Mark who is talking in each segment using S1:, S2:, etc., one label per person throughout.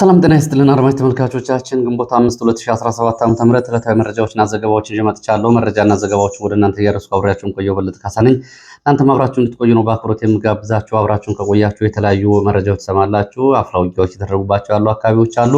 S1: ሰላም ጤና ይስጥልን አድማጭ ተመልካቾቻችን፣ ግንቦት 5 2017 ዓ.ም ዕለታዊ መረጃዎችና ዘገባዎችን ይዤ መጥቻለሁ። መረጃና ዘገባዎችን ወደ እናንተ እያደረስኩ አብሬያችሁን ቆየው በለጠ ካሳ ነኝ። እናንተም አብራችሁን እንድትቆዩ ነው በአክብሮት የምጋብዛችሁ። አብራችሁን ከቆያችሁ የተለያዩ መረጃዎች ትሰማላችሁ። አፍላ ውጊያዎች የተደረጉባቸው ያሉ አካባቢዎች አሉ።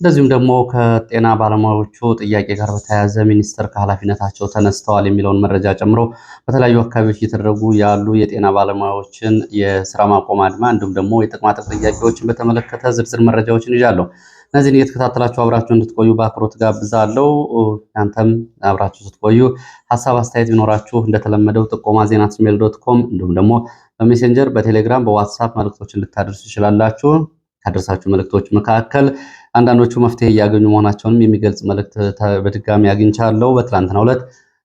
S1: እንደዚሁም ደግሞ ከጤና ባለሙያዎቹ ጥያቄ ጋር በተያያዘ ሚኒስትር ከኃላፊነታቸው ተነስተዋል የሚለውን መረጃ ጨምሮ በተለያዩ አካባቢዎች እየተደረጉ ያሉ የጤና ባለሙያዎችን የስራ ማቆም አድማ እንዲሁም ደግሞ የጥቅማጥቅም ጥያቄዎችን በተመለከተ ዝርዝር መረጃዎችን ይዣለሁ። እነዚህን እየተከታተላችሁ አብራችሁ እንድትቆዩ በአክብሮት ጋብዛለሁ። እናንተም አብራችሁ ስትቆዩ ሀሳብ አስተያየት ቢኖራችሁ እንደተለመደው ጥቆማ ዜና ጂሜል ዶት ኮም እንዲሁም ደግሞ በሜሴንጀር በቴሌግራም በዋትሳፕ መልእክቶችን ልታደርሱ ይችላላችሁ። ካደረሳችሁ መልእክቶች መካከል አንዳንዶቹ መፍትሄ እያገኙ መሆናቸውንም የሚገልጽ መልእክት በድጋሚ አግኝቻለሁ። በትላንትናው ዕለት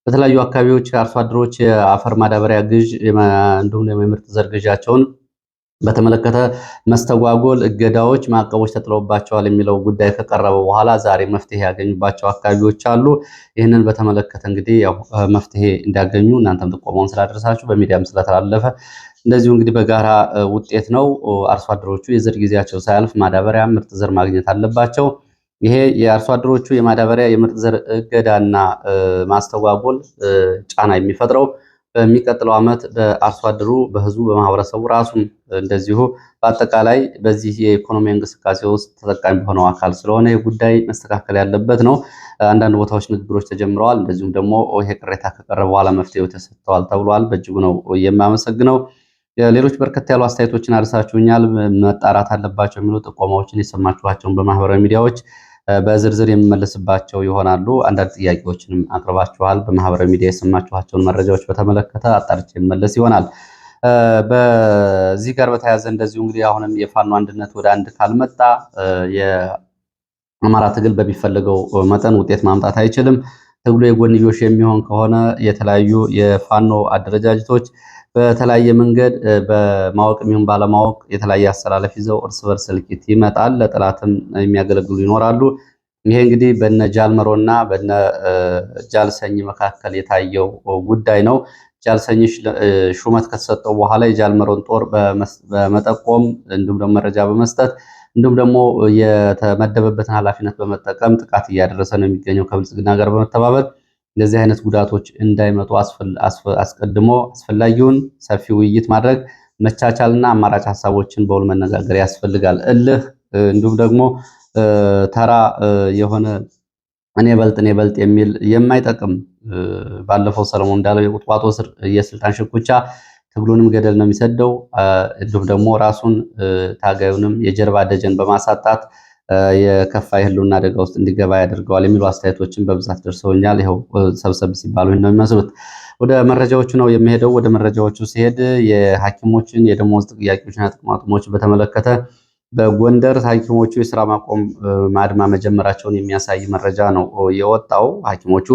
S1: በተለያዩ አካባቢዎች አርሶ አደሮች የአፈር ማዳበሪያ ግዥ እንዲሁም የምርጥ ዘር ግዣቸውን በተመለከተ መስተጓጎል፣ እገዳዎች፣ ማዕቀቦች ተጥለውባቸዋል የሚለው ጉዳይ ከቀረበ በኋላ ዛሬ መፍትሄ ያገኙባቸው አካባቢዎች አሉ። ይህንን በተመለከተ እንግዲህ ያው መፍትሄ እንዳገኙ እናንተም ጥቆመውን ስላደረሳችሁ በሚዲያም ስለተላለፈ እንደዚሁ እንግዲህ በጋራ ውጤት ነው። አርሶ አደሮቹ የዘር ጊዜያቸው ሳያልፍ ማዳበሪያ፣ ምርጥ ዘር ማግኘት አለባቸው። ይሄ የአርሶ አደሮቹ የማዳበሪያ የምርጥ ዘር እገዳና ማስተጓጎል ጫና የሚፈጥረው በሚቀጥለው ዓመት በአርሶ አደሩ፣ በህዝቡ፣ በማህበረሰቡ ራሱም እንደዚሁ በአጠቃላይ በዚህ የኢኮኖሚ እንቅስቃሴ ውስጥ ተጠቃሚ በሆነው አካል ስለሆነ የጉዳይ መስተካከል ያለበት ነው። አንዳንድ ቦታዎች ንግግሮች ተጀምረዋል። እንደዚሁም ደግሞ ይሄ ቅሬታ ከቀረበ በኋላ መፍትሄው ተሰጥተዋል ተብሏል። በእጅጉ ነው የማመሰግነው። ሌሎች በርከት ያሉ አስተያየቶችን አድርሳችሁኛል። መጣራት አለባቸው የሚሉ ጥቆማዎችን የሰማችኋቸውን በማህበራዊ ሚዲያዎች በዝርዝር የምመለስባቸው ይሆናሉ። አንዳንድ ጥያቄዎችንም አቅርባችኋል። በማህበራዊ ሚዲያ የሰማችኋቸውን መረጃዎች በተመለከተ አጣርቼ የምመለስ ይሆናል። በዚህ ጋር በተያያዘ እንደዚሁ እንግዲህ አሁንም የፋኖ አንድነት ወደ አንድ ካልመጣ የአማራ ትግል በሚፈለገው መጠን ውጤት ማምጣት አይችልም። ትግሉ የጎንዮሽ የሚሆን ከሆነ የተለያዩ የፋኖ አደረጃጀቶች በተለያየ መንገድ በማወቅ የሚሆን ባለማወቅ የተለያየ አሰላለፍ ይዘው እርስ በርስ እልቂት ይመጣል። ለጠላትም የሚያገለግሉ ይኖራሉ። ይሄ እንግዲህ በነ ጃልመሮ እና በነ ጃልሰኝ መካከል የታየው ጉዳይ ነው። ጃልሰኝ ሹመት ከተሰጠው በኋላ የጃልመሮን ጦር በመጠቆም እንዲሁም ደግሞ መረጃ በመስጠት እንዲሁም ደግሞ የተመደበበትን ኃላፊነት በመጠቀም ጥቃት እያደረሰ ነው የሚገኘው ከብልጽግና ጋር በመተባበር እንደዚህ አይነት ጉዳቶች እንዳይመጡ አስቀድሞ አስፈላጊውን ሰፊ ውይይት ማድረግ መቻቻልና አማራጭ ሀሳቦችን በውል መነጋገር ያስፈልጋል። እልህ እንዲሁም ደግሞ ተራ የሆነ እኔ በልጥ እኔ በልጥ የሚል የማይጠቅም ባለፈው ሰለሞን እንዳለው የቁጥቋጦ ስር የስልጣን ሽኩቻ ትግሉንም ገደል ነው የሚሰደው። እንዲሁም ደግሞ ራሱን ታጋዩንም የጀርባ ደጀን በማሳጣት የከፋ የህልውና አደጋ ውስጥ እንዲገባ ያደርገዋል የሚሉ አስተያየቶችን በብዛት ደርሰውኛል። ይኸው ሰብሰብ ሲባሉ ነው የሚመስሉት። ወደ መረጃዎቹ ነው የሚሄደው። ወደ መረጃዎቹ ሲሄድ የሐኪሞችን የደሞዝ ጥያቄዎችና ጥቅማጥቅሞች በተመለከተ በጎንደር ሐኪሞቹ የስራ ማቆም ማድማ መጀመራቸውን የሚያሳይ መረጃ ነው የወጣው። ሐኪሞቹ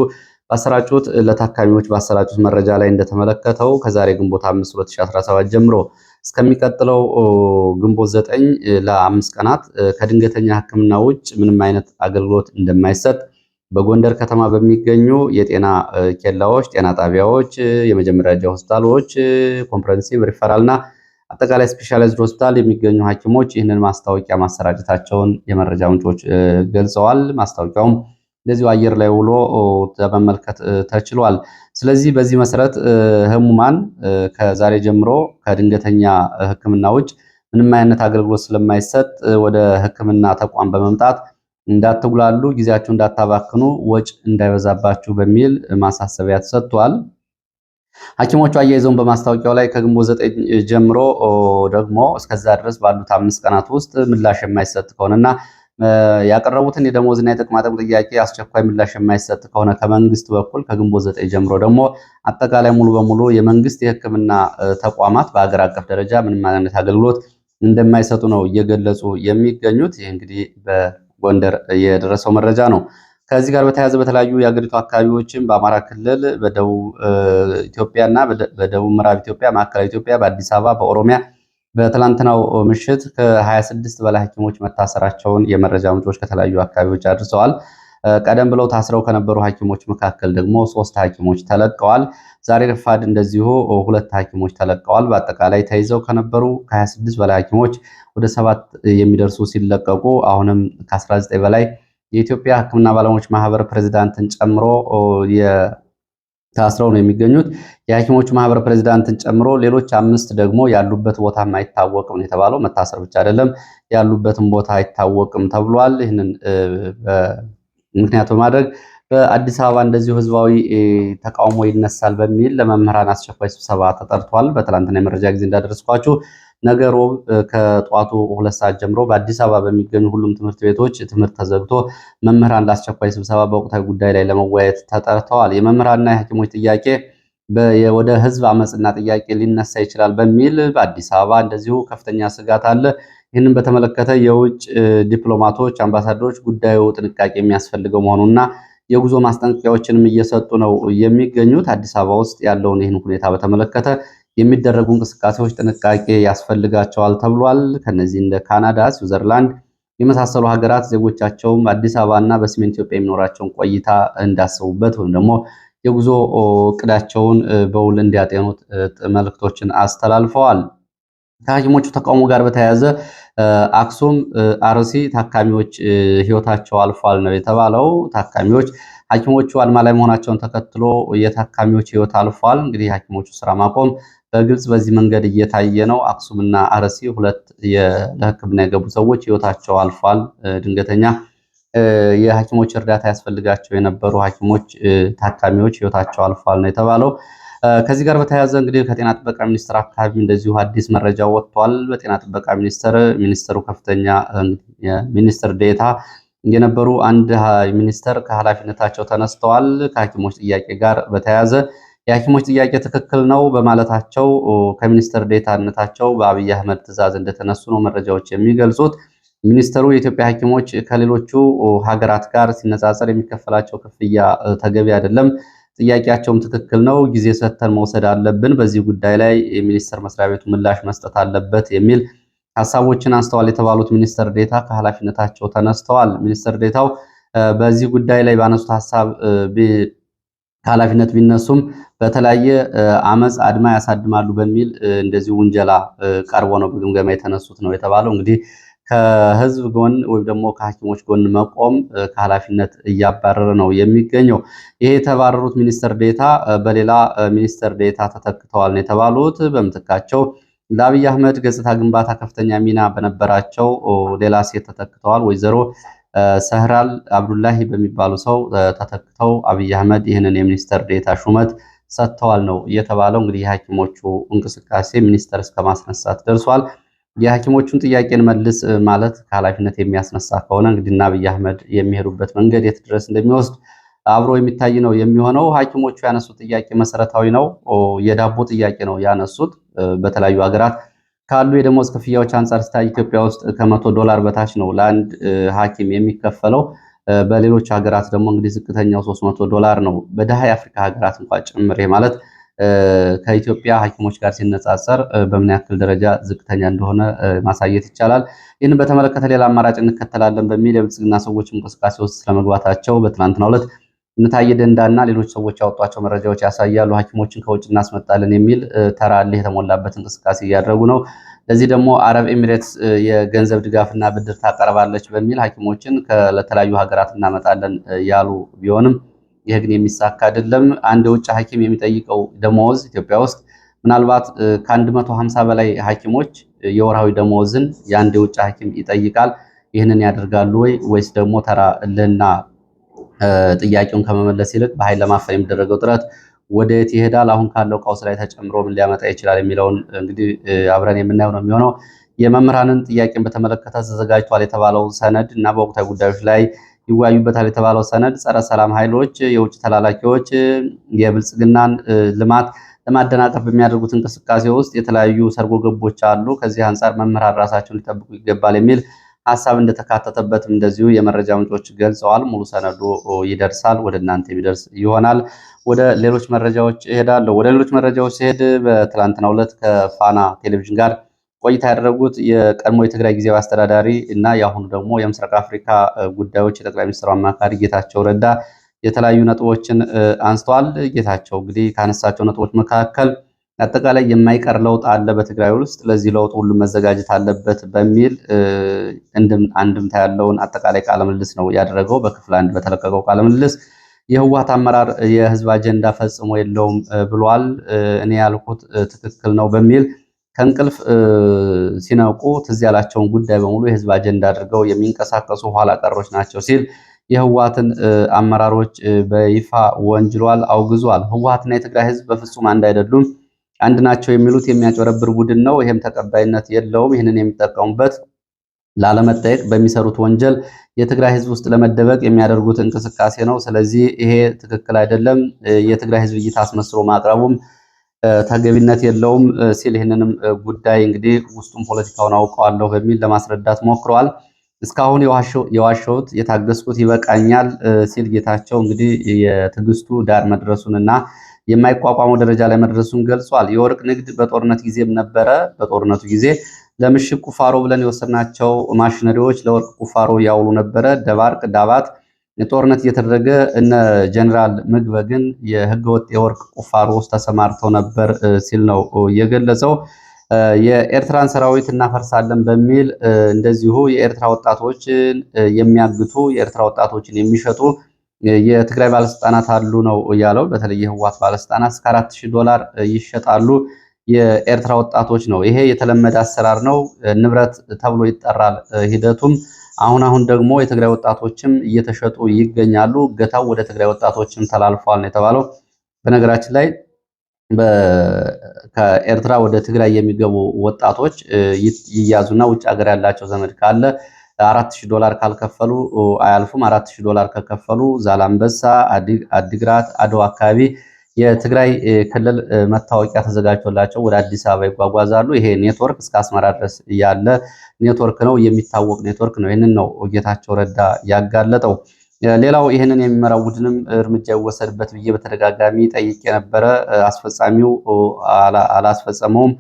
S1: ባሰራጩት ለታካሚዎች ባሰራጩት መረጃ ላይ እንደተመለከተው ከዛሬ ግንቦት 5 2017 ጀምሮ እስከሚቀጥለው ግንቦት ዘጠኝ ለአምስት ቀናት ከድንገተኛ ሕክምና ውጭ ምንም አይነት አገልግሎት እንደማይሰጥ በጎንደር ከተማ በሚገኙ የጤና ኬላዎች፣ ጤና ጣቢያዎች፣ የመጀመሪያ ደረጃ ሆስፒታሎች፣ ኮምፕረሄንሲቭ ሪፈራል እና አጠቃላይ ስፔሻላይዝድ ሆስፒታል የሚገኙ ሐኪሞች ይህንን ማስታወቂያ ማሰራጨታቸውን የመረጃ ምንጮች ገልጸዋል። ማስታወቂያውም እንደዚሁ አየር ላይ ውሎ ለመመልከት ተችሏል። ስለዚህ በዚህ መሰረት ህሙማን ከዛሬ ጀምሮ ከድንገተኛ ህክምና ውጭ ምንም አይነት አገልግሎት ስለማይሰጥ ወደ ህክምና ተቋም በመምጣት እንዳትጉላሉ፣ ጊዜያችሁ እንዳታባክኑ፣ ወጭ እንዳይበዛባችሁ በሚል ማሳሰቢያ ተሰጥቷል። ሐኪሞቹ አያይዘውን በማስታወቂያው ላይ ከግንቦት ዘጠኝ ጀምሮ ደግሞ እስከዛ ድረስ ባሉት አምስት ቀናት ውስጥ ምላሽ የማይሰጥ ከሆነና ያቀረቡትን የደሞዝና የጥቅማጥቅም ጥያቄ አስቸኳይ ምላሽ የማይሰጥ ከሆነ ከመንግስት በኩል ከግንቦት ዘጠኝ ጀምሮ ደግሞ አጠቃላይ ሙሉ በሙሉ የመንግስት የሕክምና ተቋማት በአገር አቀፍ ደረጃ ምንም አይነት አገልግሎት እንደማይሰጡ ነው እየገለጹ የሚገኙት። ይህ እንግዲህ በጎንደር የደረሰው መረጃ ነው። ከዚህ ጋር በተያያዘ በተለያዩ የአገሪቱ አካባቢዎችም በአማራ ክልል፣ በደቡብ ኢትዮጵያና በደቡብ ምዕራብ ኢትዮጵያ፣ ማዕከላዊ ኢትዮጵያ፣ በአዲስ አበባ፣ በኦሮሚያ በትላንትናው ምሽት ከ26 በላይ ሐኪሞች መታሰራቸውን የመረጃ ምንጮች ከተለያዩ አካባቢዎች አድርሰዋል። ቀደም ብለው ታስረው ከነበሩ ሐኪሞች መካከል ደግሞ ሶስት ሐኪሞች ተለቀዋል። ዛሬ ረፋድ እንደዚሁ ሁለት ሐኪሞች ተለቀዋል። በአጠቃላይ ተይዘው ከነበሩ ከ26 በላይ ሐኪሞች ወደ ሰባት የሚደርሱ ሲለቀቁ አሁንም ከ19 በላይ የኢትዮጵያ ሕክምና ባለሙያዎች ማህበር ፕሬዚዳንትን ጨምሮ ታስረው ነው የሚገኙት። የሐኪሞቹ ማህበር ፕሬዚዳንትን ጨምሮ ሌሎች አምስት ደግሞ ያሉበት ቦታ አይታወቅም የተባለው መታሰር ብቻ አይደለም፣ ያሉበትን ቦታ አይታወቅም ተብሏል። ይህንን ምክንያት በማድረግ በአዲስ አበባ እንደዚሁ ህዝባዊ ተቃውሞ ይነሳል በሚል ለመምህራን አስቸኳይ ስብሰባ ተጠርቷል። በትላንትና የመረጃ ጊዜ እንዳደረስኳችሁ ነገ ሮብ ከጠዋቱ ሁለት ሰዓት ጀምሮ በአዲስ አበባ በሚገኙ ሁሉም ትምህርት ቤቶች ትምህርት ተዘግቶ መምህራን ለአስቸኳይ ስብሰባ በወቅታዊ ጉዳይ ላይ ለመወያየት ተጠርተዋል። የመምህራንና የሐኪሞች ጥያቄ ወደ ህዝብ አመፅና ጥያቄ ሊነሳ ይችላል በሚል በአዲስ አበባ እንደዚሁ ከፍተኛ ስጋት አለ። ይህንን በተመለከተ የውጭ ዲፕሎማቶች፣ አምባሳደሮች ጉዳዩ ጥንቃቄ የሚያስፈልገው መሆኑና የጉዞ ማስጠንቀቂያዎችንም እየሰጡ ነው የሚገኙት። አዲስ አበባ ውስጥ ያለውን ይህን ሁኔታ በተመለከተ የሚደረጉ እንቅስቃሴዎች ጥንቃቄ ያስፈልጋቸዋል ተብሏል። ከነዚህ እንደ ካናዳ፣ ስዊዘርላንድ የመሳሰሉ ሀገራት ዜጎቻቸውም አዲስ እና በሰሜን ኢትዮጵያ የሚኖራቸውን ቆይታ እንዳሰቡበት ወይም ደግሞ የጉዞ እቅዳቸውን በውል እንዲያጤኑት መልእክቶችን አስተላልፈዋል። ከሐኪሞቹ ተቃውሞ ጋር በተያያዘ አክሱም፣ አርሲ ታካሚዎች ህይወታቸው አልፏል ነው የተባለው። ታካሚዎች ሐኪሞቹ አድማ ላይ መሆናቸውን ተከትሎ የታካሚዎች ህይወት አልፏል። እንግዲህ ሐኪሞቹ ስራ ማቆም በግልጽ በዚህ መንገድ እየታየ ነው። አክሱምና አርሲ ሁለት ለሕክምና የገቡ ሰዎች ህይወታቸው አልፏል። ድንገተኛ የሐኪሞች እርዳታ ያስፈልጋቸው የነበሩ ሐኪሞች ታካሚዎች ህይወታቸው አልፏል ነው የተባለው። ከዚህ ጋር በተያያዘ እንግዲህ ከጤና ጥበቃ ሚኒስቴር አካባቢ እንደዚሁ አዲስ መረጃ ወጥቷል። በጤና ጥበቃ ሚኒስቴር ሚኒስትሩ ከፍተኛ ሚኒስትር ዴታ የነበሩ አንድ ሚኒስተር ከኃላፊነታቸው ተነስተዋል። ከሐኪሞች ጥያቄ ጋር በተያያዘ የሐኪሞች ጥያቄ ትክክል ነው በማለታቸው ከሚኒስትር ዴታነታቸው በአብይ አህመድ ትዕዛዝ እንደተነሱ ነው መረጃዎች የሚገልጹት። ሚኒስተሩ የኢትዮጵያ ሐኪሞች ከሌሎቹ ሀገራት ጋር ሲነጻጸር የሚከፈላቸው ክፍያ ተገቢ አይደለም፣ ጥያቄያቸውም ትክክል ነው፣ ጊዜ ሰጥተን መውሰድ አለብን፣ በዚህ ጉዳይ ላይ የሚኒስቴር መስሪያ ቤቱ ምላሽ መስጠት አለበት የሚል ሀሳቦችን አንስተዋል የተባሉት ሚኒስትር ዴታ ከኃላፊነታቸው ተነስተዋል። ሚኒስትር ዴታው በዚህ ጉዳይ ላይ ባነሱት ሀሳብ ከኃላፊነት ቢነሱም በተለያየ አመፅ አድማ ያሳድማሉ በሚል እንደዚህ ውንጀላ ቀርቦ ነው በግምገማ የተነሱት ነው የተባለው። እንግዲህ ከህዝብ ጎን ወይም ደግሞ ከሐኪሞች ጎን መቆም ከኃላፊነት እያባረረ ነው የሚገኘው። ይሄ የተባረሩት ሚኒስትር ዴታ በሌላ ሚኒስትር ዴታ ተተክተዋል ነው የተባሉት። በምትካቸው ለአብይ አህመድ ገጽታ ግንባታ ከፍተኛ ሚና በነበራቸው ሌላ ሴት ተተክተዋል ወይዘሮ ሰህራል አብዱላሂ በሚባሉ ሰው ተተክተው አብይ አህመድ ይህንን የሚኒስተር ዴታ ሹመት ሰጥተዋል ነው እየተባለው። እንግዲህ የሐኪሞቹ እንቅስቃሴ ሚኒስተር እስከ ማስነሳት ደርሷል። የሐኪሞቹን ጥያቄን መልስ ማለት ከኃላፊነት የሚያስነሳ ከሆነ እንግዲህ እና አብይ አህመድ የሚሄዱበት መንገድ የት ድረስ እንደሚወስድ አብሮ የሚታይ ነው የሚሆነው። ሐኪሞቹ ያነሱት ጥያቄ መሰረታዊ ነው። የዳቦ ጥያቄ ነው ያነሱት በተለያዩ ሀገራት ካሉ የደሞዝ ክፍያዎች አንጻር ሲታይ ኢትዮጵያ ውስጥ ከመቶ ዶላር በታች ነው ለአንድ ሐኪም የሚከፈለው። በሌሎች ሀገራት ደግሞ እንግዲህ ዝቅተኛው 300 መቶ ዶላር ነው። በደሃ የአፍሪካ ሀገራት እንኳን ጭምር ማለት ከኢትዮጵያ ሐኪሞች ጋር ሲነጻጸር በምን ያክል ደረጃ ዝቅተኛ እንደሆነ ማሳየት ይቻላል። ይህንን በተመለከተ ሌላ አማራጭ እንከተላለን በሚል የብልጽግና ሰዎች እንቅስቃሴ ውስጥ ስለመግባታቸው በትናንትናው ዕለት እነታየ ደንዳና ሌሎች ሰዎች ያወጧቸው መረጃዎች ያሳያሉ። ሐኪሞችን ከውጭ እናስመጣለን የሚል ተራል የተሞላበት እንቅስቃሴ እያደረጉ ነው። ለዚህ ደግሞ አረብ ኤሚሬትስ የገንዘብ ድጋፍና ብድር ታቀርባለች በሚል ሐኪሞችን ለተለያዩ ሀገራት እናመጣለን ያሉ ቢሆንም ይህ ግን የሚሳካ አይደለም። አንድ የውጭ ሐኪም የሚጠይቀው ደመወዝ ኢትዮጵያ ውስጥ ምናልባት ከ150 በላይ ሐኪሞች የወርሃዊ ደመወዝን የአንድ የውጭ ሐኪም ይጠይቃል። ይህንን ያደርጋሉ ወይ ወይስ ደግሞ ተራ ልና ጥያቄውን ከመመለስ ይልቅ በኃይል ለማፈን የሚደረገው ጥረት ወደት ይሄዳል? አሁን ካለው ቀውስ ላይ ተጨምሮ ምን ሊያመጣ ይችላል? የሚለውን እንግዲህ አብረን የምናየው ነው የሚሆነው። የመምህራንን ጥያቄን በተመለከተ ተዘጋጅቷል የተባለው ሰነድ እና በወቅታዊ ጉዳዮች ላይ ይወያዩበታል የተባለው ሰነድ ጸረ ሰላም ኃይሎች፣ የውጭ ተላላኪዎች የብልጽግናን ልማት ለማደናቀፍ በሚያደርጉት እንቅስቃሴ ውስጥ የተለያዩ ሰርጎ ገቦች አሉ። ከዚህ አንጻር መምህራን ራሳቸውን ሊጠብቁ ይገባል የሚል ሀሳብ እንደተካተተበትም እንደዚሁ የመረጃ ምንጮች ገልጸዋል። ሙሉ ሰነዱ ይደርሳል ወደ እናንተ የሚደርስ ይሆናል። ወደ ሌሎች መረጃዎች እሄዳለሁ። ወደ ሌሎች መረጃዎች ሲሄድ በትላንትናው ዕለት ከፋና ቴሌቪዥን ጋር ቆይታ ያደረጉት የቀድሞ የትግራይ ጊዜያዊ አስተዳዳሪ እና የአሁኑ ደግሞ የምስራቅ አፍሪካ ጉዳዮች የጠቅላይ ሚኒስትሩ አማካሪ ጌታቸው ረዳ የተለያዩ ነጥቦችን አንስተዋል። ጌታቸው እንግዲህ ካነሳቸው ነጥቦች መካከል አጠቃላይ የማይቀር ለውጥ አለ በትግራይ ውስጥ። ለዚህ ለውጥ ሁሉ መዘጋጀት አለበት በሚል አንድምታ ያለውን አጠቃላይ ቃለምልልስ ነው ያደረገው። በክፍል አንድ በተለቀቀው ቃለምልልስ የህወሓት አመራር የህዝብ አጀንዳ ፈጽሞ የለውም ብሏል። እኔ ያልኩት ትክክል ነው በሚል ከእንቅልፍ ሲነቁ ትዝ ያላቸውን ጉዳይ በሙሉ የህዝብ አጀንዳ አድርገው የሚንቀሳቀሱ ኋላ ቀሮች ናቸው ሲል የህወሓትን አመራሮች በይፋ ወንጅሏል፣ አውግዟል። ህወሓትና የትግራይ ህዝብ በፍጹም አንድ አይደሉም። አንድ ናቸው የሚሉት የሚያጨረብር ቡድን ነው። ይህም ተቀባይነት የለውም። ይህንን የሚጠቀሙበት ላለመጠየቅ በሚሰሩት ወንጀል የትግራይ ህዝብ ውስጥ ለመደበቅ የሚያደርጉት እንቅስቃሴ ነው። ስለዚህ ይሄ ትክክል አይደለም። የትግራይ ህዝብ እይታ አስመስሎ ማቅረቡም ተገቢነት የለውም ሲል ይህንንም ጉዳይ እንግዲህ ውስጡም ፖለቲካውን አውቀዋለሁ በሚል ለማስረዳት ሞክረዋል። እስካሁን የዋሸሁት የታገስኩት ይበቃኛል ሲል ጌታቸው እንግዲህ የትዕግስቱ ዳር መድረሱን እና የማይቋቋመው ደረጃ ላይ መድረሱን ገልጿል። የወርቅ ንግድ በጦርነት ጊዜም ነበረ። በጦርነቱ ጊዜ ለምሽግ ቁፋሮ ብለን የወሰድናቸው ማሽነሪዎች ለወርቅ ቁፋሮ ያውሉ ነበረ። ደባርቅ፣ ዳባት ጦርነት እየተደረገ እነ ጀኔራል ምግበ ግን የህገወጥ የወርቅ ቁፋሮ ውስጥ ተሰማርተው ነበር ሲል ነው የገለጸው። የኤርትራን ሰራዊት እናፈርሳለን በሚል እንደዚሁ የኤርትራ ወጣቶችን የሚያግቱ የኤርትራ ወጣቶችን የሚሸጡ የትግራይ ባለስልጣናት አሉ ነው ያለው። በተለይ የህዋት ባለስልጣናት እስከ አራት ሺህ ዶላር ይሸጣሉ የኤርትራ ወጣቶች ነው። ይሄ የተለመደ አሰራር ነው፣ ንብረት ተብሎ ይጠራል ሂደቱም። አሁን አሁን ደግሞ የትግራይ ወጣቶችም እየተሸጡ ይገኛሉ። እገታው ወደ ትግራይ ወጣቶችም ተላልፏል ነው የተባለው። በነገራችን ላይ ከኤርትራ ወደ ትግራይ የሚገቡ ወጣቶች ይያዙና ውጭ ሀገር ያላቸው ዘመድ ካለ አራት ሺህ ዶላር ካልከፈሉ አያልፉም። አራት ሺህ ዶላር ከከፈሉ ዛላምበሳ፣ አዲግራት፣ አድዋ አካባቢ የትግራይ ክልል መታወቂያ ተዘጋጅቶላቸው ወደ አዲስ አበባ ይጓጓዛሉ። ይሄ ኔትወርክ እስከ አስመራ ድረስ ያለ ኔትወርክ ነው፣ የሚታወቅ ኔትወርክ ነው። ይህንን ነው ጌታቸው ረዳ ያጋለጠው። ሌላው ይህንን የሚመራው ቡድንም እርምጃ ይወሰድበት ብዬ በተደጋጋሚ ጠይቄ ነበረ። አስፈጻሚው አላስፈጸመውም።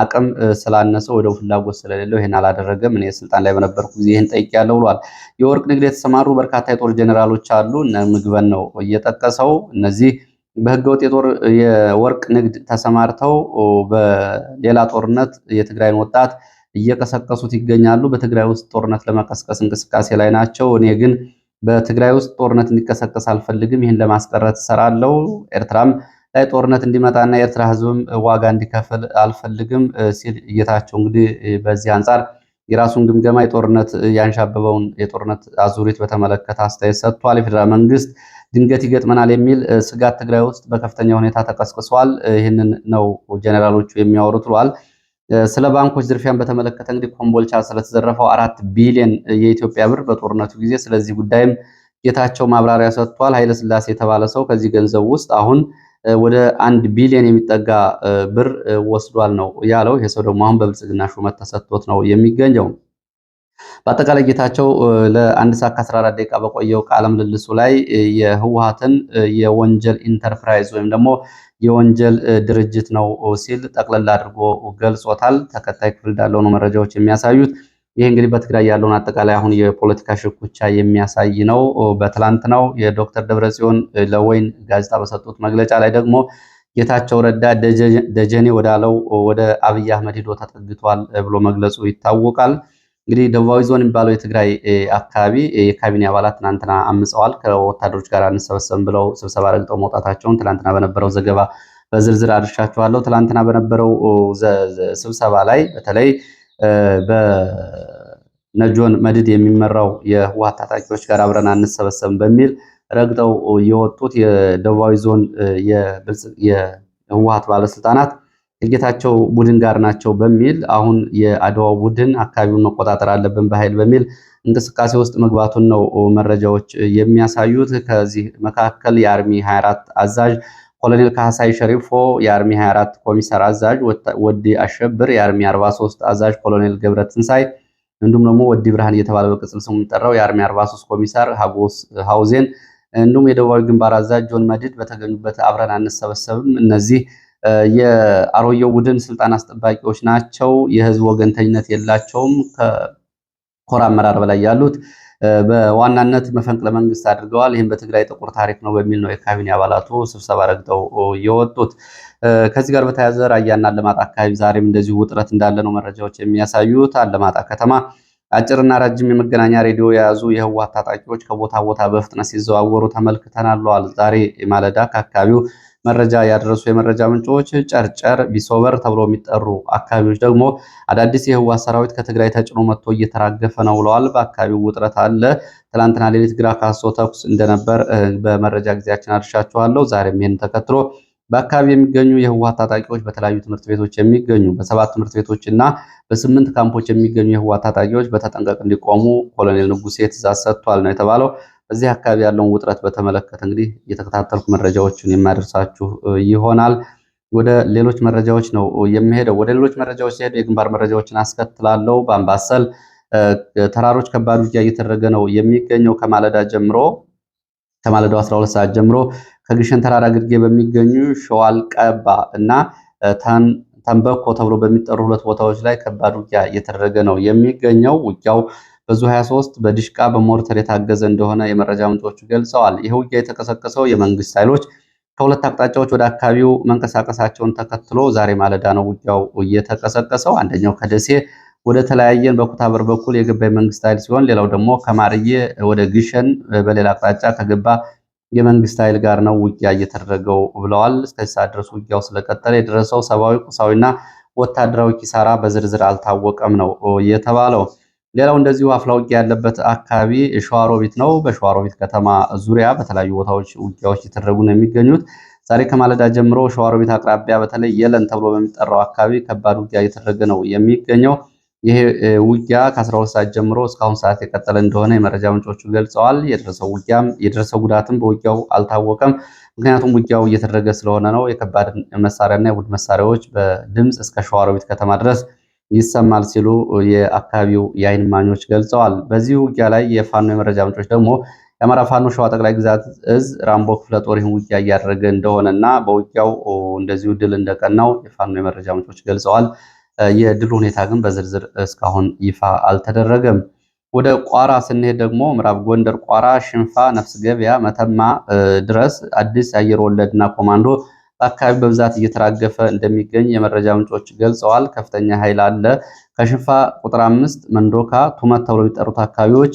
S1: አቅም ስላነሰው ወደው ፍላጎት ስለሌለው ይህን አላደረገም። እኔ ስልጣን ላይ በነበርኩ ጊዜ ይህን ጠይቄያለሁ ብሏል። የወርቅ ንግድ የተሰማሩ በርካታ የጦር ጀኔራሎች አሉ። እነ ምግበን ነው እየጠቀሰው። እነዚህ በህገወጥ የጦር የወርቅ ንግድ ተሰማርተው በሌላ ጦርነት የትግራይን ወጣት እየቀሰቀሱት ይገኛሉ። በትግራይ ውስጥ ጦርነት ለመቀስቀስ እንቅስቃሴ ላይ ናቸው። እኔ ግን በትግራይ ውስጥ ጦርነት እንዲቀሰቀስ አልፈልግም። ይህን ለማስቀረት እሰራለሁ። ኤርትራም ላይ ጦርነት እንዲመጣና የኤርትራ ህዝብም ዋጋ እንዲከፍል አልፈልግም ሲል እየታቸው እንግዲህ በዚህ አንጻር የራሱን ግምገማ የጦርነት ያንሻበበውን የጦርነት አዙሪት በተመለከተ አስተያየት ሰጥቷል። የፌዴራል መንግስት ድንገት ይገጥመናል የሚል ስጋት ትግራይ ውስጥ በከፍተኛ ሁኔታ ተቀስቅሷል። ይህንን ነው ጀኔራሎቹ የሚያወሩት ብሏል። ስለ ባንኮች ዝርፊያን በተመለከተ እንግዲህ ኮምቦልቻ ስለተዘረፈው አራት ቢሊዮን የኢትዮጵያ ብር በጦርነቱ ጊዜ ስለዚህ ጉዳይም ጌታቸው ማብራሪያ ሰጥቷል። ኃይለስላሴ የተባለ ሰው ከዚህ ገንዘብ ውስጥ አሁን ወደ አንድ ቢሊዮን የሚጠጋ ብር ወስዷል ነው ያለው። ይሄ ሰው ደግሞ አሁን በብልጽግና ሹመት ተሰጥቶት ነው የሚገኘው። በአጠቃላይ ጌታቸው ለአንድ ሰዓት ከአስራ አራት ደቂቃ በቆየው ቃለ ምልልሱ ላይ የህወሀትን የወንጀል ኢንተርፕራይዝ ወይም ደግሞ የወንጀል ድርጅት ነው ሲል ጠቅለል አድርጎ ገልጾታል። ተከታይ ክፍል እንዳለው ነው መረጃዎች የሚያሳዩት። ይህ እንግዲህ በትግራይ ያለውን አጠቃላይ አሁን የፖለቲካ ሽኩቻ የሚያሳይ ነው። ነው የዶክተር ደብረጽዮን ለወይን ጋዜጣ በሰጡት መግለጫ ላይ ደግሞ ጌታቸው ረዳ ደጀኔ ወዳለው ወደ አብይ አህመድ ሂዶ ተጠግቷል ብሎ መግለጹ ይታወቃል። እንግዲህ ደቡባዊ ዞን የሚባለው የትግራይ አካባቢ የካቢኔ አባላት ትናንትና አምፀዋል። ከወታደሮች ጋር አንሰበሰብም ብለው ስብሰባ ረግጠው መውጣታቸውን ትናንትና በነበረው ዘገባ በዝርዝር አድርሻችኋለሁ። ትናንትና በነበረው ስብሰባ ላይ በተለይ በነጆን መድድ የሚመራው የህወሓት ታጣቂዎች ጋር አብረን አንሰበሰብም በሚል ረግጠው የወጡት የደቡባዊ ዞን የህወሓት ባለስልጣናት የጌታቸው ቡድን ጋር ናቸው በሚል አሁን የአድዋው ቡድን አካባቢውን መቆጣጠር አለብን በኃይል በሚል እንቅስቃሴ ውስጥ መግባቱን ነው መረጃዎች የሚያሳዩት። ከዚህ መካከል የአርሚ 24 አዛዥ ኮሎኔል ካሳይ ሸሪፎ የአርሚ 24 ኮሚሳር አዛዥ፣ ወዲ አሸብር የአርሚ 43 አዛዥ ኮሎኔል ገብረ ትንሳይ እንዲሁም ደግሞ ወዲ ብርሃን እየተባለ በቅጽል ስሙ የሚጠራው የአርሚ 43 ኮሚሳር ሀውዜን እንዲሁም የደቡባዊ ግንባር አዛዥ ጆን መድድ በተገኙበት አብረን አንሰበሰብም። እነዚህ የአሮየው ቡድን ስልጣን አስጠባቂዎች ናቸው። የህዝብ ወገንተኝነት የላቸውም። ከኮር አመራር በላይ ያሉት በዋናነት መፈንቅለ መንግስት አድርገዋል፣ ይህም በትግራይ ጥቁር ታሪክ ነው በሚል ነው የካቢኔ አባላቱ ስብሰባ ረግጠው የወጡት። ከዚህ ጋር በተያያዘ ራያና አለማጣ አካባቢ ዛሬም እንደዚሁ ውጥረት እንዳለ ነው መረጃዎች የሚያሳዩት። አለማጣ ከተማ አጭርና ረጅም የመገናኛ ሬዲዮ የያዙ የህወሓት ታጣቂዎች ከቦታ ቦታ በፍጥነት ሲዘዋወሩ ተመልክተናል። ዛሬ ማለዳ ከአካባቢው መረጃ ያደረሱ የመረጃ ምንጮች ጨርጨር፣ ቢሶበር ተብሎ የሚጠሩ አካባቢዎች ደግሞ አዳዲስ የህዋ ሰራዊት ከትግራይ ተጭኖ መጥቶ እየተራገፈ ነው ብለዋል። በአካባቢው ውጥረት አለ። ትላንትና ሌሊት ግራ ካሶ ተኩስ እንደነበር በመረጃ ጊዜያችን አድርሻችኋለሁ። ዛሬም ይህን ተከትሎ በአካባቢ የሚገኙ የህወሓት ታጣቂዎች በተለያዩ ትምህርት ቤቶች የሚገኙ በሰባት ትምህርት ቤቶች እና በስምንት ካምፖች የሚገኙ የህወሓት ታጣቂዎች በተጠንቀቅ እንዲቆሙ ኮሎኔል ንጉሴ ትእዛዝ ሰጥቷል ነው የተባለው። በዚህ አካባቢ ያለውን ውጥረት በተመለከተ እንግዲህ እየተከታተልኩ መረጃዎችን የማደርሳችሁ ይሆናል። ወደ ሌሎች መረጃዎች ነው የሚሄደው። ወደ ሌሎች መረጃዎች ሲሄድ የግንባር መረጃዎችን አስከትላለሁ። በአምባሰል ተራሮች ከባድ ውጊያ እየተደረገ ነው የሚገኘው ከማለዳ ጀምሮ ከማለዳው 12 ሰዓት ጀምሮ ከግሸን ተራራ ግርጌ በሚገኙ ሸዋል ቀባ እና ተንበኮ ተብሎ በሚጠሩ ሁለት ቦታዎች ላይ ከባድ ውጊያ እየተደረገ ነው የሚገኘው። ውጊያው በዙ 23 በዲሽቃ በሞርተር የታገዘ እንደሆነ የመረጃ ምንጮቹ ገልጸዋል። ይህ ውጊያ የተቀሰቀሰው የመንግስት ኃይሎች ከሁለት አቅጣጫዎች ወደ አካባቢው መንቀሳቀሳቸውን ተከትሎ ዛሬ ማለዳ ነው ውጊያው እየተቀሰቀሰው። አንደኛው ከደሴ ወደ ተለያየን በኩታበር በኩል የገባ የመንግስት ኃይል ሲሆን፣ ሌላው ደግሞ ከማርዬ ወደ ግሸን በሌላ አቅጣጫ ከገባ የመንግስት ኃይል ጋር ነው ውጊያ እየተደረገው ብለዋል። እስከዚህ ሰዓት ድረስ ውጊያው ስለቀጠለ የደረሰው ሰብአዊ ቁሳዊና ወታደራዊ ኪሳራ በዝርዝር አልታወቀም ነው የተባለው። ሌላው እንደዚሁ አፍላ ውጊያ ያለበት አካባቢ ሸዋሮቢት ነው። በሸዋሮቢት ከተማ ዙሪያ በተለያዩ ቦታዎች ውጊያዎች እየተደረጉ ነው የሚገኙት። ዛሬ ከማለዳ ጀምሮ ሸዋሮቢት አቅራቢያ በተለይ የለን ተብሎ በሚጠራው አካባቢ ከባድ ውጊያ እየተደረገ ነው የሚገኘው። ይህ ውጊያ ከ12 ሰዓት ጀምሮ እስካሁን ሰዓት የቀጠለ እንደሆነ የመረጃ ምንጮቹ ገልጸዋል። የደረሰው ውጊያም የደረሰው ጉዳትም በውጊያው አልታወቀም። ምክንያቱም ውጊያው እየተደረገ ስለሆነ ነው። የከባድ መሳሪያና የቡድን መሳሪያዎች በድምፅ እስከ ሸዋሮቢት ከተማ ድረስ ይሰማል ሲሉ የአካባቢው የአይን ማኞች ገልጸዋል። በዚህ ውጊያ ላይ የፋኖ የመረጃ ምንጮች ደግሞ የአማራ ፋኖ ሸዋ ጠቅላይ ግዛት እዝ ራምቦ ክፍለ ጦር ይህን ውጊያ እያደረገ እንደሆነ እና በውጊያው እንደዚሁ ድል እንደቀናው የፋኖ የመረጃ ምንጮች ገልጸዋል። የድል ሁኔታ ግን በዝርዝር እስካሁን ይፋ አልተደረገም። ወደ ቋራ ስንሄድ ደግሞ ምዕራብ ጎንደር ቋራ፣ ሽንፋ፣ ነፍስ ገበያ፣ መተማ ድረስ አዲስ አየር ወለድና ኮማንዶ በአካባቢ በብዛት እየተራገፈ እንደሚገኝ የመረጃ ምንጮች ገልጸዋል። ከፍተኛ ኃይል አለ። ከሽንፋ ቁጥር አምስት መንዶካ ቱመት ተብሎ የሚጠሩት አካባቢዎች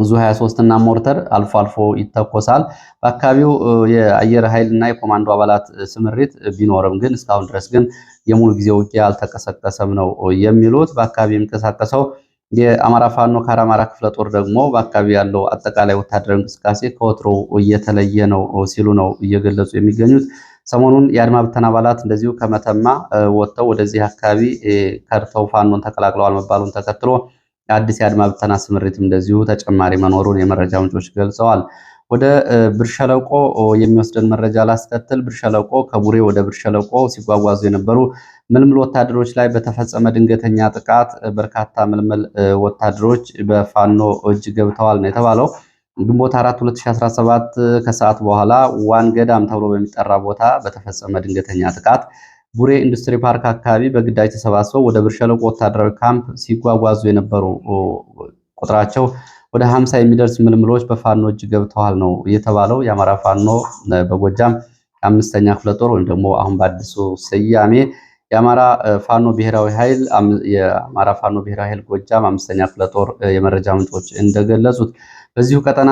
S1: ብዙ 23 እና ሞርተር አልፎ አልፎ ይተኮሳል። በአካባቢው የአየር ኃይል እና የኮማንዶ አባላት ስምሪት ቢኖርም ግን እስካሁን ድረስ ግን የሙሉ ጊዜ ውጊያ አልተቀሰቀሰም ነው የሚሉት። በአካባቢ የሚንቀሳቀሰው የአማራ ፋኖ ከአራማራ ክፍለ ጦር ደግሞ በአካባቢ ያለው አጠቃላይ ወታደራዊ እንቅስቃሴ ከወትሮ እየተለየ ነው ሲሉ ነው እየገለጹ የሚገኙት። ሰሞኑን የአድማ ብተን አባላት እንደዚሁ ከመተማ ወጥተው ወደዚህ አካባቢ ከርተው ፋኖን ተቀላቅለዋል መባሉን ተከትሎ የአዲስ የአድማ ብተና ስምሪትም እንደዚሁ ተጨማሪ መኖሩን የመረጃ ምንጮች ገልጸዋል። ወደ ብርሸለቆ የሚወስደን መረጃ ላስከትል። ብርሸለቆ ከቡሬ ወደ ብርሸለቆ ሲጓጓዙ የነበሩ ምልምል ወታደሮች ላይ በተፈጸመ ድንገተኛ ጥቃት በርካታ ምልምል ወታደሮች በፋኖ እጅ ገብተዋል ነው የተባለው። ግንቦት 4 2017 ከሰዓት በኋላ ዋን ገዳም ተብሎ በሚጠራ ቦታ በተፈጸመ ድንገተኛ ጥቃት ቡሬ ኢንዱስትሪ ፓርክ አካባቢ በግዳጅ ተሰባስበው ወደ ብር ወታደራዊ ካምፕ ሲጓጓዙ የነበሩ ቁጥራቸው ወደ ሀምሳ የሚደርስ ምልምሎች በፋኖ እጅ ገብተዋል ነው የተባለው። የአማራ ፋኖ በጎጃም አምስተኛ ክፍለ ጦር ወይም ደግሞ አሁን በአዲሱ ስያሜ የአማራ ፋኖ ብሔራዊ ኃይል የአማራ ፋኖ ብሔራዊ ኃይል ጎጃም አምስተኛ ክፍለ ጦር የመረጃ ምንጮች እንደገለጹት በዚሁ ቀጠና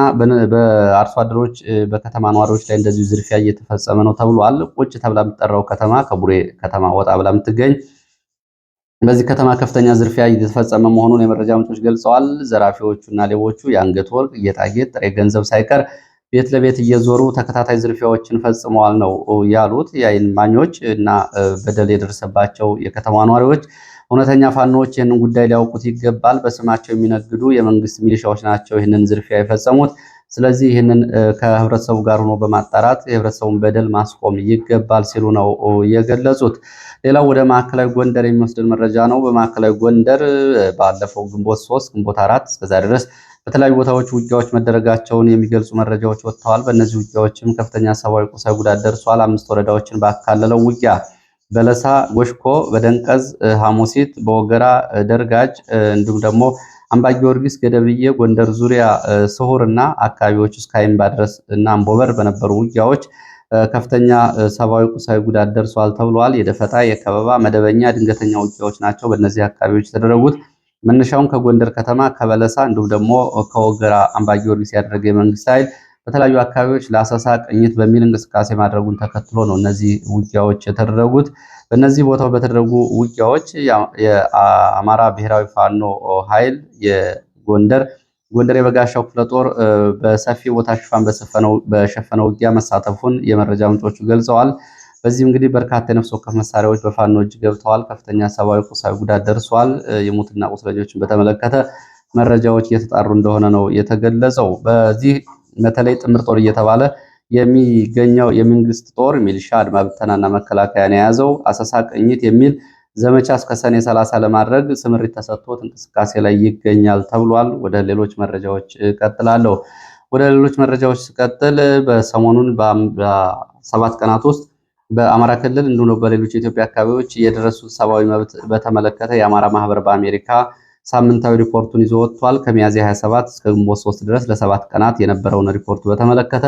S1: በአርሶ አደሮች በከተማ ነዋሪዎች ላይ እንደዚሁ ዝርፊያ እየተፈጸመ ነው ተብሏል። ቁጭ ተብላ የምትጠራው ከተማ ከቡሬ ከተማ ወጣ ብላ የምትገኝ በዚህ ከተማ ከፍተኛ ዝርፊያ እየተፈጸመ መሆኑን የመረጃ ምንጮች ገልጸዋል። ዘራፊዎቹ እና ሌቦቹ የአንገት ወርቅ፣ ጌጣጌጥ፣ ጥሬ ገንዘብ ሳይቀር ቤት ለቤት እየዞሩ ተከታታይ ዝርፊያዎችን ፈጽመዋል ነው ያሉት። የዓይን እማኞች እና በደል የደረሰባቸው የከተማ ነዋሪዎች እውነተኛ ፋኖዎች ይህንን ጉዳይ ሊያውቁት ይገባል። በስማቸው የሚነግዱ የመንግስት ሚሊሻዎች ናቸው ይህንን ዝርፊያ የፈጸሙት። ስለዚህ ይህንን ከህብረተሰቡ ጋር ሆኖ በማጣራት የህብረተሰቡን በደል ማስቆም ይገባል ሲሉ ነው የገለጹት። ሌላው ወደ ማዕከላዊ ጎንደር የሚወስድን መረጃ ነው። በማዕከላዊ ጎንደር ባለፈው ግንቦት ሶስት ግንቦት አራት እስከዛ ድረስ በተለያዩ ቦታዎች ውጊያዎች መደረጋቸውን የሚገልጹ መረጃዎች ወጥተዋል። በእነዚህ ውጊያዎችም ከፍተኛ ሰብአዊ፣ ቁሳዊ ጉዳት ደርሷል። አምስት ወረዳዎችን ባካለለው ውጊያ በለሳ፣ ጎሽኮ፣ በደንቀዝ፣ ሐሙሲት፣ በወገራ፣ ደርጋጅ እንዲሁም ደግሞ አምባ ጊዮርጊስ፣ ገደብዬ፣ ጎንደር ዙሪያ ስሁር እና አካባቢዎች እስከ አይምባ ድረስ እና አምቦበር በነበሩ ውጊያዎች ከፍተኛ ሰብአዊ ቁሳዊ ጉዳት ደርሷል ተብሏል። የደፈጣ የከበባ መደበኛ ድንገተኛ ውጊያዎች ናቸው በእነዚህ አካባቢዎች የተደረጉት። መነሻውን ከጎንደር ከተማ ከበለሳ እንዲሁም ደግሞ ከወገራ አምባ ጊዮርጊስ ያደረገ የመንግስት ኃይል በተለያዩ አካባቢዎች ለአሰሳ ቅኝት በሚል እንቅስቃሴ ማድረጉን ተከትሎ ነው እነዚህ ውጊያዎች የተደረጉት። በእነዚህ ቦታው በተደረጉ ውጊያዎች የአማራ ብሔራዊ ፋኖ ኃይል የጎንደር ጎንደር የበጋሻው ክፍለ ጦር በሰፊ ቦታ ሽፋን በሸፈነው ውጊያ መሳተፉን የመረጃ ምንጮቹ ገልጸዋል። በዚህም እንግዲህ በርካታ የነፍስ ወከፍ መሳሪያዎች በፋኖ እጅ ገብተዋል። ከፍተኛ ሰብአዊ፣ ቁሳዊ ጉዳት ደርሷል። የሞትና ቁስለኞችን በተመለከተ መረጃዎች እየተጣሩ እንደሆነ ነው የተገለጸው። በዚህ በተለይ ጥምር ጦር እየተባለ የሚገኘው የመንግስት ጦር ሚሊሻ፣ አድማ ብተናና መከላከያን የያዘው አሰሳ ቅኝት የሚል ዘመቻ እስከ ሰኔ 30 ለማድረግ ስምሪት ተሰጥቶት እንቅስቃሴ ላይ ይገኛል ተብሏል። ወደ ሌሎች መረጃዎች እቀጥላለሁ። ወደ ሌሎች መረጃዎች ስቀጥል በሰሞኑን በሰባት ቀናት ውስጥ በአማራ ክልል እንዲሁም በሌሎች የኢትዮጵያ አካባቢዎች የደረሱ ሰብአዊ መብት በተመለከተ የአማራ ማህበር በአሜሪካ ሳምንታዊ ሪፖርቱን ይዞ ወጥቷል። ከሚያዚያ 27 እስከ ግንቦት 3 ድረስ ለሰባት ቀናት የነበረውን ሪፖርቱ በተመለከተ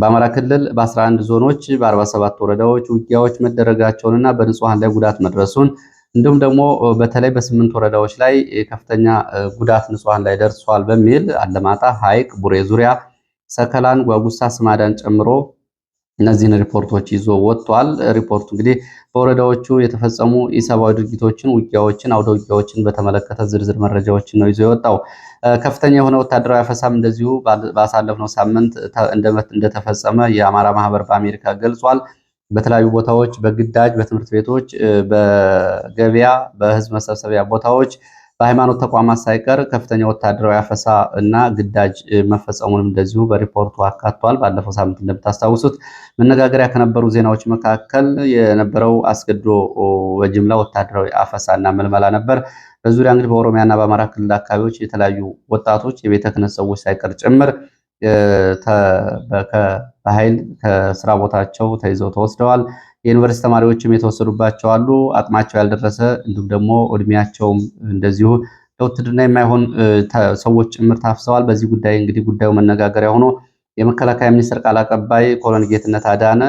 S1: በአማራ ክልል በ11 ዞኖች በ47 ወረዳዎች ውጊያዎች መደረጋቸውንና በንጹሐን ላይ ጉዳት መድረሱን እንዲሁም ደግሞ በተለይ በስምንት ወረዳዎች ላይ ከፍተኛ ጉዳት ንጹሐን ላይ ደርሷል በሚል አለማጣ፣ ሐይቅ፣ ቡሬ ዙሪያ፣ ሰከላን፣ ጓጉሳ፣ ስማዳን ጨምሮ እነዚህን ሪፖርቶች ይዞ ወጥቷል። ሪፖርቱ እንግዲህ በወረዳዎቹ የተፈጸሙ ኢሰብአዊ ድርጊቶችን፣ ውጊያዎችን፣ አውደ ውጊያዎችን በተመለከተ ዝርዝር መረጃዎችን ነው ይዞ የወጣው። ከፍተኛ የሆነ ወታደራዊ አፈሳም እንደዚሁ ባሳለፍነው ሳምንት እንደተፈጸመ የአማራ ማህበር በአሜሪካ ገልጿል። በተለያዩ ቦታዎች በግዳጅ በትምህርት ቤቶች፣ በገበያ፣ በህዝብ መሰብሰቢያ ቦታዎች በሃይማኖት ተቋማት ሳይቀር ከፍተኛ ወታደራዊ አፈሳ እና ግዳጅ መፈጸሙንም እንደዚሁ በሪፖርቱ አካቷል። ባለፈው ሳምንት እንደምታስታውሱት መነጋገሪያ ከነበሩ ዜናዎች መካከል የነበረው አስገድዶ በጅምላ ወታደራዊ አፈሳ እና መልመላ ነበር። በዙሪያ እንግዲህ በኦሮሚያና በአማራ ክልል አካባቢዎች የተለያዩ ወጣቶች የቤተ ክህነት ሰዎች ሳይቀር ጭምር በኃይል ከስራ ቦታቸው ተይዘው ተወስደዋል። የዩኒቨርሲቲ ተማሪዎችም የተወሰዱባቸው አሉ። አቅማቸው ያልደረሰ እንዲሁም ደግሞ እድሜያቸውም እንደዚሁ ለውትድርና የማይሆን ሰዎች ጭምር ታፍሰዋል። በዚህ ጉዳይ እንግዲህ ጉዳዩ መነጋገሪያ ሆኖ የመከላከያ ሚኒስትር ቃል አቀባይ ኮሎኔል ጌትነት አዳነ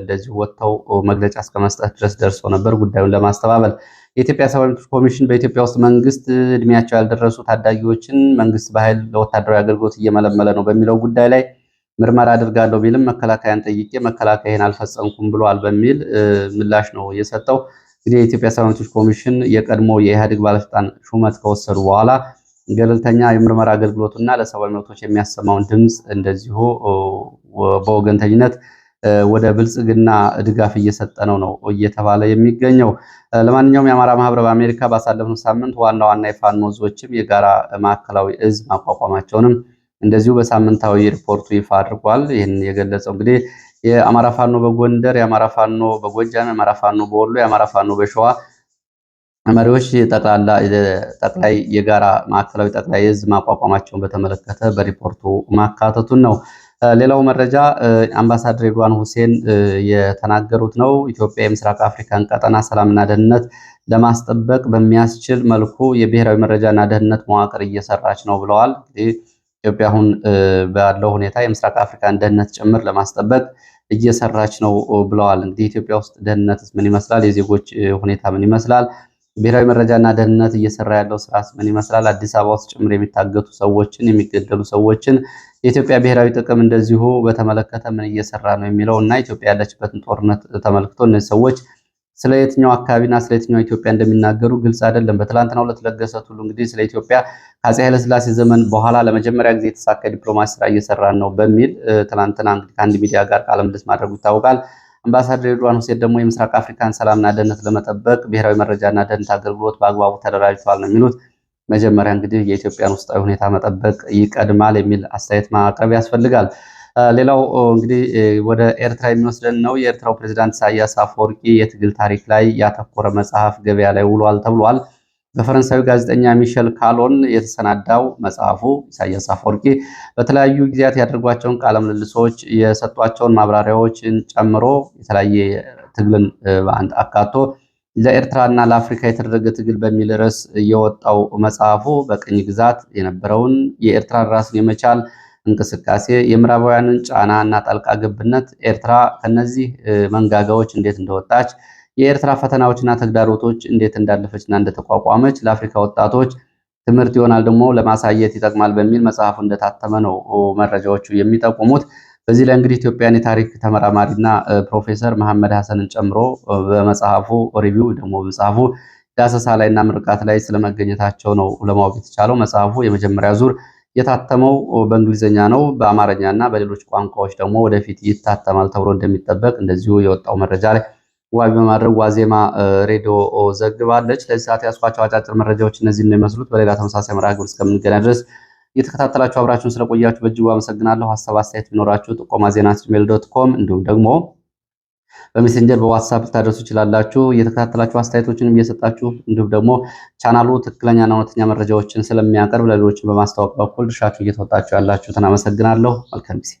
S1: እንደዚሁ ወጥተው መግለጫ እስከ መስጠት ድረስ ደርሶ ነበር ጉዳዩን ለማስተባበል። የኢትዮጵያ ሰብአዊ መብቶች ኮሚሽን በኢትዮጵያ ውስጥ መንግስት እድሜያቸው ያልደረሱ ታዳጊዎችን መንግስት በኃይል ለወታደራዊ አገልግሎት እየመለመለ ነው በሚለው ጉዳይ ላይ ምርመራ አድርጋለሁ ቢልም መከላከያን ጠይቄ መከላከያን አልፈጸምኩም ብሏል በሚል ምላሽ ነው የሰጠው። እንግዲህ የኢትዮጵያ ሰብዓዊ መብቶች ኮሚሽን የቀድሞ የኢህአዴግ ባለስልጣን ሹመት ከወሰዱ በኋላ ገለልተኛ የምርመራ አገልግሎቱና ለሰብዓዊ መብቶች የሚያሰማውን ድምፅ እንደዚሁ በወገንተኝነት ወደ ብልጽግና ድጋፍ እየሰጠ ነው ነው እየተባለ የሚገኘው። ለማንኛውም የአማራ ማህበር በአሜሪካ ባሳለፍነው ሳምንት ዋና ዋና የፋኖ የጋራ ማዕከላዊ እዝ ማቋቋማቸውንም እንደዚሁ በሳምንታዊ ሪፖርቱ ይፋ አድርጓል። ይህን የገለጸው እንግዲህ የአማራ ፋኖ በጎንደር፣ የአማራ ፋኖ በጎጃም፣ የአማራ ፋኖ በወሎ፣ የአማራ ፋኖ በሸዋ መሪዎች ጠቅላይ የጋራ ማዕከላዊ ጠቅላይ እዝ ማቋቋማቸውን በተመለከተ በሪፖርቱ ማካተቱን ነው። ሌላው መረጃ አምባሳደር ሬድዋን ሁሴን የተናገሩት ነው። ኢትዮጵያ የምስራቅ አፍሪካን ቀጠና ሰላምና ደህንነት ለማስጠበቅ በሚያስችል መልኩ የብሔራዊ መረጃና ደህንነት መዋቅር እየሰራች ነው ብለዋል። ኢትዮጵያ አሁን ባለው ሁኔታ የምስራቅ አፍሪካን ደህንነት ጭምር ለማስጠበቅ እየሰራች ነው ብለዋል። እንግዲህ ኢትዮጵያ ውስጥ ደህንነትስ ምን ይመስላል? የዜጎች ሁኔታ ምን ይመስላል? ብሔራዊ መረጃና ደህንነት እየሰራ ያለው ስራስ ምን ይመስላል? አዲስ አበባ ውስጥ ጭምር የሚታገቱ ሰዎችን፣ የሚገደሉ ሰዎችን፣ የኢትዮጵያ ብሔራዊ ጥቅም እንደዚሁ በተመለከተ ምን እየሰራ ነው የሚለው እና ኢትዮጵያ ያለችበትን ጦርነት ተመልክቶ እነዚህ ሰዎች ስለ የትኛው አካባቢና ስለ የትኛው ኢትዮጵያ እንደሚናገሩ ግልጽ አይደለም። በትላንትናው ዕለት ለገሰት ሁሉ እንግዲህ ስለ ኢትዮጵያ ከአፄ ኃይለስላሴ ዘመን በኋላ ለመጀመሪያ ጊዜ የተሳካ ዲፕሎማሲ ስራ እየሰራን ነው በሚል ትላንትና እንግዲህ ከአንድ ሚዲያ ጋር ቃለ ምልልስ ማድረጉ ይታወቃል። አምባሳደር ሬድዋን ሁሴን ደግሞ የምስራቅ አፍሪካን ሰላምና ደህንነት ለመጠበቅ ብሔራዊ መረጃና ደህንነት አገልግሎት በአግባቡ ተደራጅቷል ነው የሚሉት። መጀመሪያ እንግዲህ የኢትዮጵያን ውስጣዊ ሁኔታ መጠበቅ ይቀድማል የሚል አስተያየት ማቅረብ ያስፈልጋል። ሌላው እንግዲህ ወደ ኤርትራ የሚወስደን ነው። የኤርትራው ፕሬዚዳንት ኢሳያስ አፈወርቂ የትግል ታሪክ ላይ ያተኮረ መጽሐፍ ገበያ ላይ ውሏል ተብሏል። በፈረንሳዊ ጋዜጠኛ ሚሸል ካሎን የተሰናዳው መጽሐፉ ኢሳያስ አፈወርቂ በተለያዩ ጊዜያት ያደርጓቸውን ቃለ ምልልሶች የሰጧቸውን ማብራሪያዎችን ጨምሮ የተለያየ ትግልን አካቶ ለኤርትራና ለአፍሪካ የተደረገ ትግል በሚል ርዕስ የወጣው መጽሐፉ በቅኝ ግዛት የነበረውን የኤርትራን ራስን የመቻል እንቅስቃሴ፣ የምዕራባውያንን ጫና እና ጣልቃ ገብነት ኤርትራ ከነዚህ መንጋጋዎች እንዴት እንደወጣች፣ የኤርትራ ፈተናዎችና ተግዳሮቶች እንዴት እንዳለፈችና እንደተቋቋመች ለአፍሪካ ወጣቶች ትምህርት ይሆናል ደግሞ ለማሳየት ይጠቅማል በሚል መጽሐፉ እንደታተመ ነው መረጃዎቹ የሚጠቁሙት። በዚህ ላይ እንግዲህ ኢትዮጵያን የታሪክ ተመራማሪና ፕሮፌሰር መሐመድ ሀሰንን ጨምሮ በመጽሐፉ ሪቪው ደግሞ መጽሐፉ ዳሰሳ ላይ እና ምርቃት ላይ ስለመገኘታቸው ነው ለማወቅ የተቻለው። መጽሐፉ የመጀመሪያ ዙር የታተመው በእንግሊዝኛ ነው። በአማርኛ እና በሌሎች ቋንቋዎች ደግሞ ወደፊት ይታተማል ተብሎ እንደሚጠበቅ እንደዚሁ የወጣው መረጃ ላይ ዋቢ በማድረግ ዋዜማ ሬዲዮ ዘግባለች። ለዚህ ሰዓት ያስኳቸው አጫጭር መረጃዎች እነዚህ ነው የሚመስሉት። በሌላ ተመሳሳይ መርሃ ግብር እስከምንገናኝ ድረስ እየተከታተላችሁ አብራችሁን ስለቆያችሁ በእጅጉ አመሰግናለሁ። ሀሳብ አስተያየት ቢኖራችሁ ጥቆማ ዜና ጂሜል ዶት ኮም እንዲሁም ደግሞ በሜሴንጀር በዋትሳፕ ልታደርሱ ይችላላችሁ። እየተከታተላችሁ አስተያየቶችንም እየሰጣችሁ እንዲሁም ደግሞ ቻናሉ ትክክለኛና እውነተኛ መረጃዎችን ስለሚያቀርብ ለሌሎችን በማስታወቅ በኩል ድርሻችሁ እየተወጣችሁ ያላችሁትን አመሰግናለሁ። መልካም ጊዜ